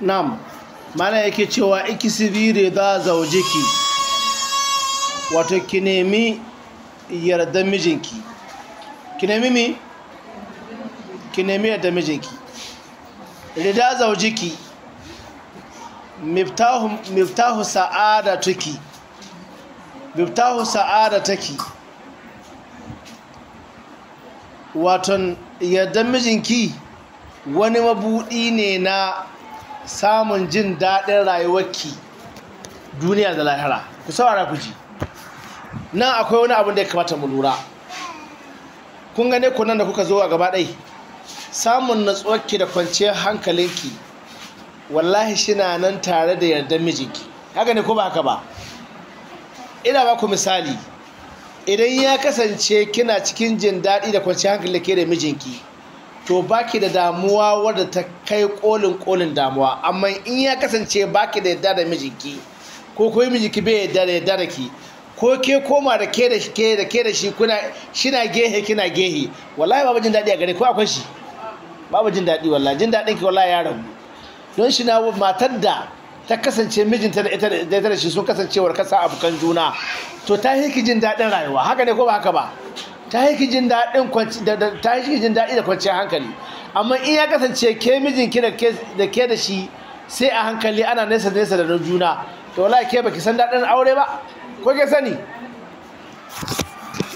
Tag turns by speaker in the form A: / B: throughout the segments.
A: nam mana yake cewa da ikisibi zauje ki wato ki nemi yarda mijinki ki nemi mi ki nemi yarda mijinki rida zauje ki miftahu miftahu sa'adatuki miftahu sa'adataki waton yarda mijinki wani mabuɗi ne na samun jin daɗin rayuwarki duniya da lahira ku saurara ku ji nan akwai wani abin da ya kamata mu lura kun gane ku nan da kuka zo a gaba ɗai samun natsuwarki da kwanciyar hankalinki wallahi shina nan tare da yardar mijinki haka ne ko ba haka ba ina ba ku misali idan ya kasance kina cikin jin daɗi da kwanciyar hankalinki ke da mijinki to baki da damuwa wadda ta kai kolin kolin damuwa amma in ya kasance baki da yadda da mijinki ko kuma mijinki bai yadda da yadda da ki ko ke koma da ke da ke da ke da shi kuna shina gehe kina gehe wallahi babu jin daɗi a gare ko akwai shi babu jin daɗi wallahi jin daɗin ki wallahi ya rabu don shi na matar da ta kasance mijinta da ita da shi sun kasancewar kasa abokan juna to ta hiki jin daɗin rayuwa haka ne ko ba haka ba ta yi kijin daɗi da kwanciyar hankali amma in ya kasance ke mijinki da ke da shi sai a hankali ana nesa nesa da juna to wala ke baki san daɗin aure ba ko ke sani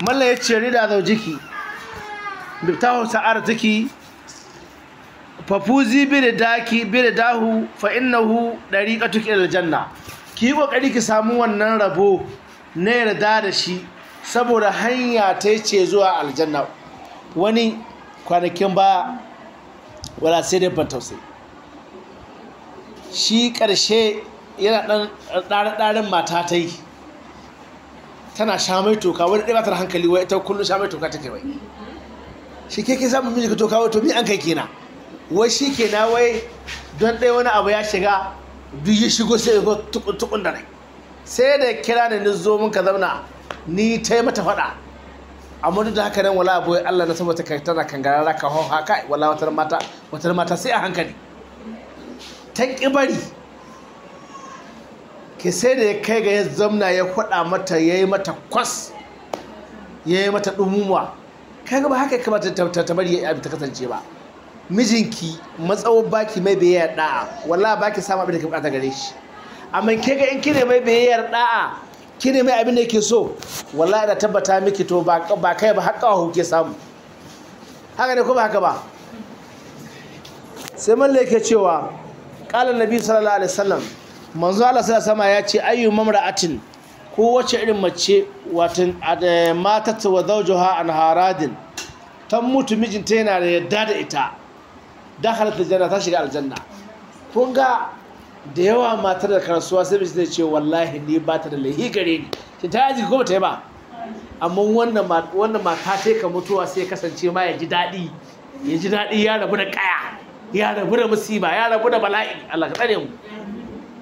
A: mallan ya ce rida zau jiki biftahu sa'ar jiki fafuzi bi daki bi dahu fa innahu dariqatuki ila janna ki kokari ki samu wannan rabo na yarda da shi saboda hanya ta ce zuwa aljanna wani kwanakin baya wala sai dai ban tausayi shi ƙarshe yana ɗan ɗarin mata ta yi tana sha mai toka wani ɗaya batar hankali wai ita kullum sha mai toka ta wai shi ke ke samun miji ka toka wai to mi an kai kenan wai shi na wai don ɗaya wani abu ya shiga duk ya shigo sai ya tukun da rai sai da kira da ni zo mun ka zauna ni ta mata faɗa amma duk da haka nan wala boye Allah na saboda kai tana kangarara raka hon haka wala watar mata watar mata sai a hankali ta bari ke sai da ya kai ga ya zamna ya faɗa mata ya yi mata kwas ya yi mata dumuwa. kai ga ba haka kamata ta bari ya ta kasance ba mijinki matsawo baki mai biyayyar da'a wala baki samu abin da ka bukata gare shi amma ke ga in kire mai biyayyar da'a ki ne mai abin da yake so wallahi da tabbata miki to ba kai ba haƙa wa kuke samu haka ne ko ba haka ba sai mun leke cewa qala nabi sallallahu alaihi wasallam manzo Allah sai sama ya ce ayyu mamra'atin ko wace irin mace watan eh, matat wa zawjuha an haradin tan mutu mijinta yana da yadda da ita dakhalat aljanna ta shiga aljanna kun ga da yawa matar da karasuwa sai bai zai ce wallahi ni ba ta da laihi gare ni shi ta yaji ko ta yi ba amma wannan mata ta ka mutuwa sai kasance ma ya ji daɗi ya ji daɗi ya rabu da ƙaya ya rabu da musiba ya rabu da bala'i Allah ka tsare mu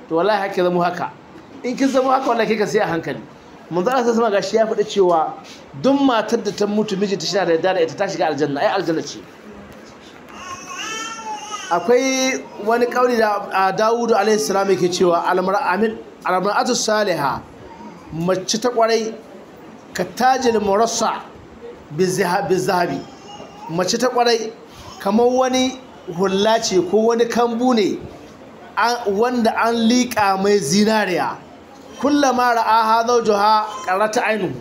A: to wallahi haka zama haka in kin zama haka wallahi kika sai a hankali Mun zara sai sama gashi ya faɗi cewa duk matar da ta mutu mijinta shi da yarda da ita ta shiga aljanna ai aljanna ce akwai wani kauri da a dawudu alaihi salam yake cewa almar'atu saliha mace ta kwarai ka tajil murassa zahabi mace ta kwarai kamar wani hulla ce ko wani kambu ne wanda an liƙa mai zinariya kullama ra'aha zawjuha karata ainihu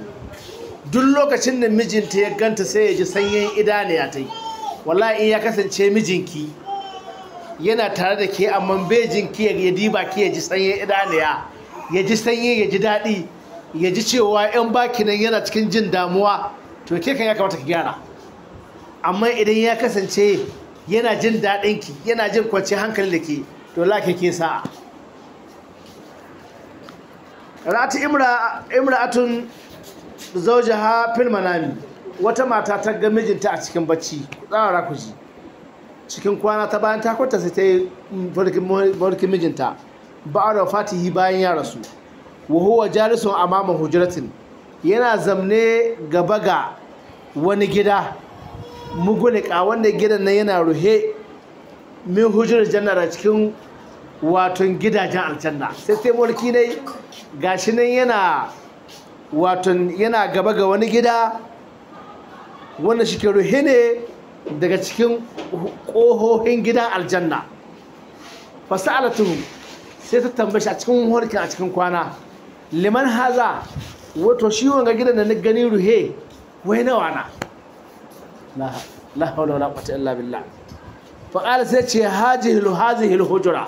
A: duk lokacin da mijinta ya ganta sai ya ji sanyin idaniya ta yi wallahi in ya kasance mijinki yana tare da ke amma bejin ki ya diba ki ya ji sanyin idaniya ya ji sanyi ya ji daɗi ya ji cewa yan baki nan yana cikin jin damuwa to ke kan ya kamata ki gyara amma idan ya kasance yana jin daɗin ki yana jin kwanci hankali da ke to la ke ke sa'a rati imra imra'atun zawjaha fil manami wata mata ta ga mijinta a cikin bacci tsara ku cikin kwana ta bayan ta kwanta sai ta yi farkin mijinta ba'ar fatihi bayan ya rasu wa jarisun a mamun hujratin yana zamne gaba ga wani gida mugulika wanda gidan nan yana ruhe min hujjar janna da cikin waton gidajen aljanna sai sai mulki ne gashi nan yana wato yana gaba ga wani gida wanda shi ke ruhe ne daga cikin ƙohohin gidan aljanna fasa'alatuhu sai ta tambashi a cikin horkin a cikin kwana liman haza wato shi wanga gidan da na gani ruhe wai nawa na la hawla wala quwwata illa billah fa qala sai ce hajihi hazihi hujra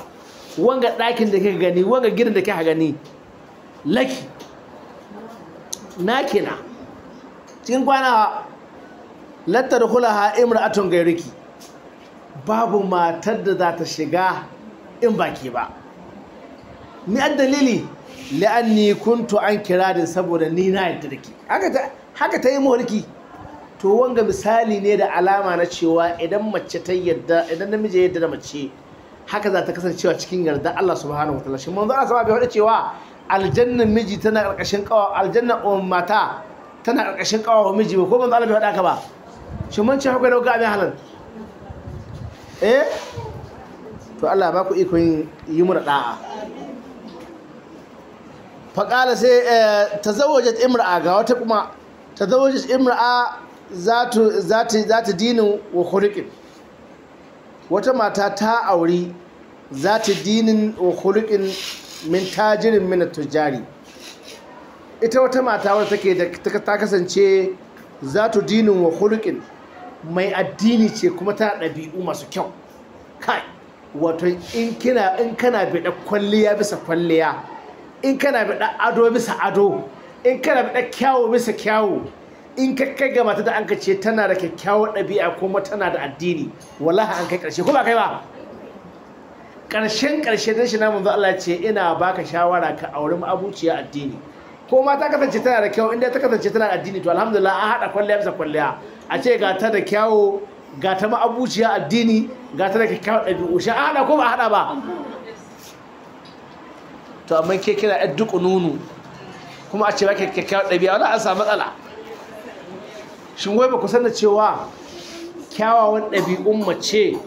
A: wanga dakin da kika gani wanga gidan da kika gani laki na kina cikin kwana lattar hulaha imra'atun gairiki babu matar da za ta shiga in baki ba ni an dalili la'anni kuntu an kiradin saboda ni na yadda da ke haka ta yi mulki to wanga misali ne da alama na cewa idan mace ta yadda idan namiji ya yadda da mace haka za ta kasancewa cikin yarda Allah subhanahu wataala shi manzo Allah subhanahu wataala cewa aljannan miji tana karkashin kawa aljannan mata tana karkashin kawa miji ba ko manzo Allah bai faɗa ka ba shi mun ci hakwai dauka abin halal eh to Allah ba ku ikon yi mura ɗa'a faƙala sai eh, ta zawajat imra'a ga wata kuma ta zawajat imra'a za ta dinin wa hulikin wata mata ta auri za ta dinin wa hulikin min tajirin min tujari ita wata mata wadda take ta kasance za ta dinin wa hulikin mai addini ce kuma tana ɗabi'u masu kyau kai wato in kina in kana bida kwalliya bisa kwalliya in kana bida ado bisa ado in kana bida kyawu bisa kyawu in ka kai ga mata da an ka ce tana da kyakkyawar ɗabi'a kuma tana da addini wallaha an kai ƙarshe ko ba kai ba ƙarshen ƙarshe dan shi na manzo Allah ce ina baka shawara ka auri abuciya addini ko ma ta kasance tana da kyau inda ta kasance tana da addini to alhamdulillah an haɗa kwalliya bisa kwalliya a ce ga ta da kyawo ga ta ma'abuciya addini ga ta da kyakkyawan ɗabi'u shi an haɗa ko ba haɗa ba to amma ke kira ɗan duk nunu kuma a ce ba kyakkyawan ɗabi'a wani an samu matsala shin wai ba ku san da cewa kyawawan ɗabi'un mace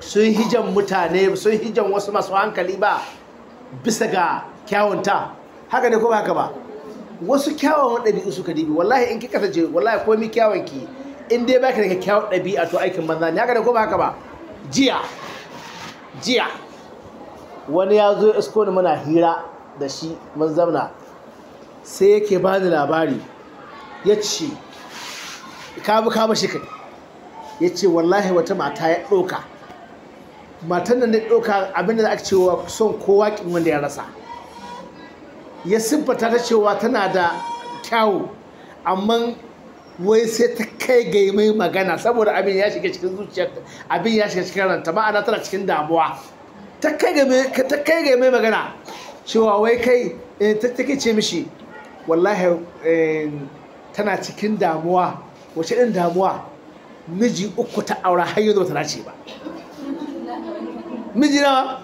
A: sun hijan mutane sun hijan wasu masu hankali ba bisa ga kyawunta haka ne ko ba haka ba wasu kyawawan ɗabi'u suka dibi wallahi in ki kasance wallahi mi kyawun ki in dai baka da kyakkyawan ɗabi'a to aikin banza ne haka ne ko ba haka ba jiya jiya wani ya zo isko ni muna hira da shi mun zamna sai yake ba ni labari ya ce kabu kama shi kai ya ce wallahi wata mata ya ɗauka matan nan da ɗauka abinda za a cewa son kowa kin wanda ya rasa ya siffata ta cewa tana da kyawu amma wai sai ta kai ga mai magana saboda abin ya shiga cikin zuciyar abin ya shiga cikin ranta ma'ana tana cikin damuwa ta kai ga mai magana cewa wai kai eh, ta take ce mishi wallahi eh, tana cikin damuwa wace irin damuwa miji uku ta aura har yanzu ta dace ba miji nawa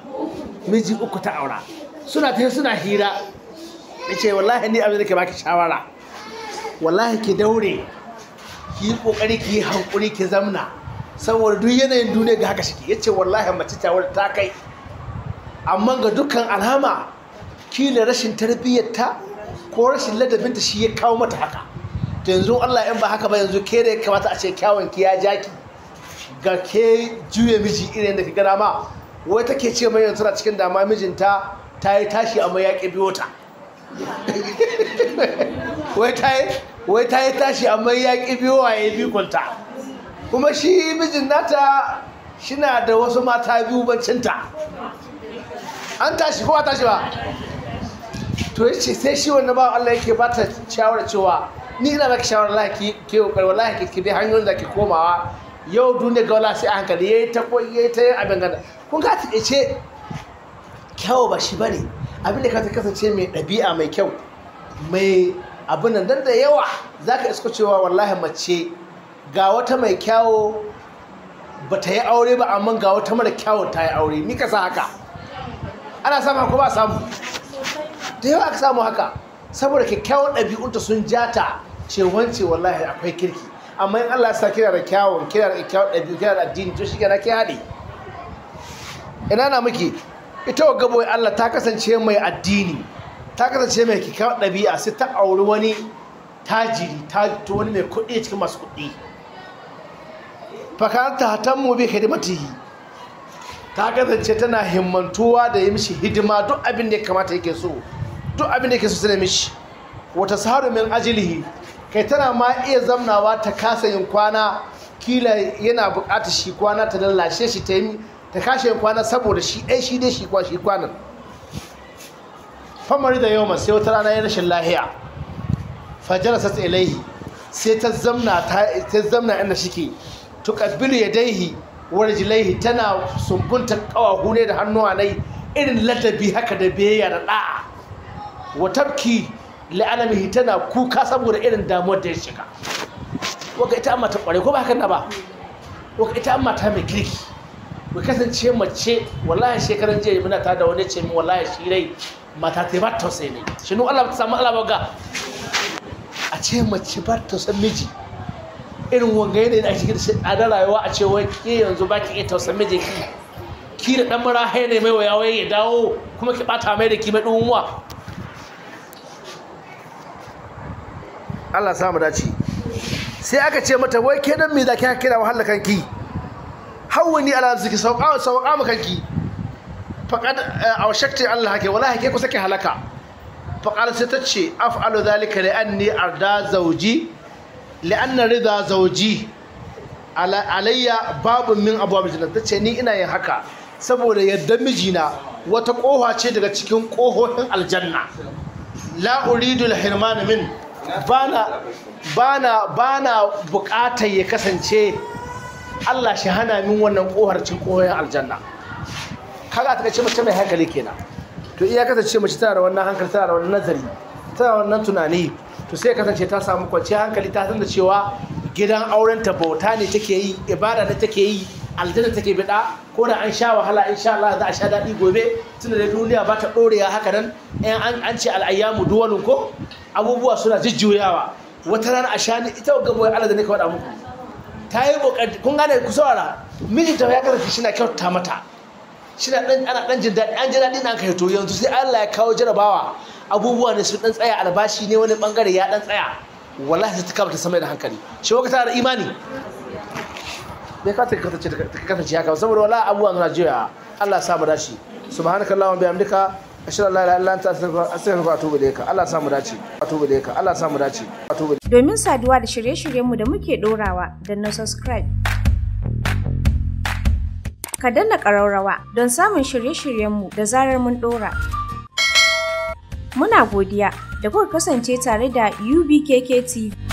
A: miji uku ta aura suna ta suna hira ya ce wallahi ni abin da ke baki shawara wallahi ki daure ki yi kokari ki yi hankuri ki zamna saboda duk yanayin duniya ga haka shike ya ce wallahi mace shawara ta kai amma ga dukkan alama kila rashin tarbiyyarta ko rashin ladabinta shi ya kawo mata haka to yanzu Allah in ba haka ba yanzu ke da ya kamata a ce kyawun ki ya jaki ga ke juya miji irin da ki gada ma wai take ce mai yanzu tana cikin dama mijinta ta yi tashi amma ya biyo ta wai ta yi tashi amma ya ƙi biyo ya bi kwanta kuma shi mijin nata shina da wasu mata biyu bacinta an tashi kuma tashi ba to yi ce sai shi wanda ba Allah yake ba ta shawarar cewa ni ina baki shawarar laki ke kokari wallahi ki bi hanyoyin da ke komawa yau duniya ga wala sai a hankali yi ta koyi ta abin ganda kun ka ta ce kyawo ba shi ne abin da ka ta kasance mai ɗabi'a mai kyau mai abin nan da yawa za ka isko cewa wallahi mace ga wata mai kyawo ba ta yi aure ba amma ga wata mara kyawo ta yi aure ni ka sa haka ana samu ko ba samu da yawa aka samu haka saboda kyakkyawan ɗabi'unta sun jata ce wance wallahi akwai kirki amma in Allah sa kira da kyawun kira da kyawun ɗabi'u kira da addini to shi kenan ke haɗe ina na muke ita wa gabo Allah ta kasance mai addini ta kasance mai kikawar ɗabi'a sai ta auri wani tajiri ta wani mai kuɗi cikin masu kuɗi hatan mu bi hidimatihi ta kasance tana himmantuwa da yi mishi hidima duk abin da ya kamata yake so duk abin da yake so sai mishi wata saharu min ajilihi kai tana ma iya zamnawa ta kasa yin kwana kila yana bukatar shi kwana ta lallashe shi ta yi ta kashe kwana saboda shi ɗai shi dai shi kwa shi kwanan famari da yau sai wata rana ya rashin lahiya fajar sa ilaihi sai ta zamna ta zamna inda shike dai yadaihi wa rijlaihi tana sumbunta kawahu hune da hannuwa nai irin ladabi haka da biyayya da ɗa'a. wa tabki la'alamihi tana kuka saboda irin damuwar da ya shiga waka ita amma ta kware ko ba haka na ba waka ita amma ta mai kirki ku kasance mace wallahi shekaran jiya muna ta da wani ce min wallahi shi rai mata ta ba ta sai ne shi nu Allah ta samu Allah ga a ce mace ba ta miji irin wanga yana a cikin tsadar rayuwa a ce wai ke yanzu ba ki iya tausan miji ki ki da dan mara hai ne mai wayawa ya dawo kuma ki bata mai da ki mai dunwa Allah samu dace sai aka ce mata wai ke dan me za ki kira wahala kanki hawani ala nafsiki sauƙa sauƙa maka ki faqad eh, awshakti Allah ke wallahi ke kusa ke halaka faqala sai tace af'alu zalika li anni arda zawji li anna rida zawji alayya babu min abwabil jannah tace ni ina yin haka saboda yadda mijina wata koha ce daga cikin kohohin aljanna la uridu al min bana bana bukatar ya kasance Allah shi hana min wannan kohar cin koyon aljanna kaga ta kace mace mai hankali kenan to iya kasance mace tana da wannan hankali tana da wannan nazari tana da wannan tunani to sai kasance ta samu kwanciyar hankali ta san da cewa gidan auren ta bauta ne take yi ibada ne take yi aljanna take bida ko da an sha wahala insha Allah za a sha daɗi gobe tunda da duniya ba ta ɗorewa haka nan an an ce al'ayyamu duwalun ko abubuwa suna jujjuyawa wata rana a sha ni ita ga boye Allah da nake wada muku ta yi kokari kun gane ku saurara mijinta ya karfi shi na kyauta mata shi na dan ana dan jin daɗi an ji daɗi na kai to yanzu sai Allah ya kawo jarabawa abubuwa ne su dan tsaya albashi ne wani bangare ya dan tsaya wallahi sai ta kama ta sama da hankali shi wakata da imani bai ka ta kasance ta kasance haka saboda wallahi abubuwa na jiya Allah ya sa mu dashi subhanakallahumma bihamdika Domin saduwa da shirye shiryen mu da muke ɗorawa da na subscribe. Ka danna ƙaraurawa don samun shirye shiryen mu da zarar mun ɗora. Muna godiya da kuka kasance tare da UBKK TV.